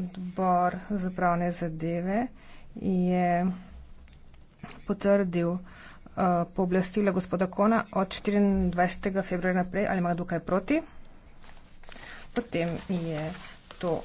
odbor za pravne zadeve je potrdil uh, pooblastila gospoda Kona od 24. februarja naprej ali ima dokaj proti. Potem je to.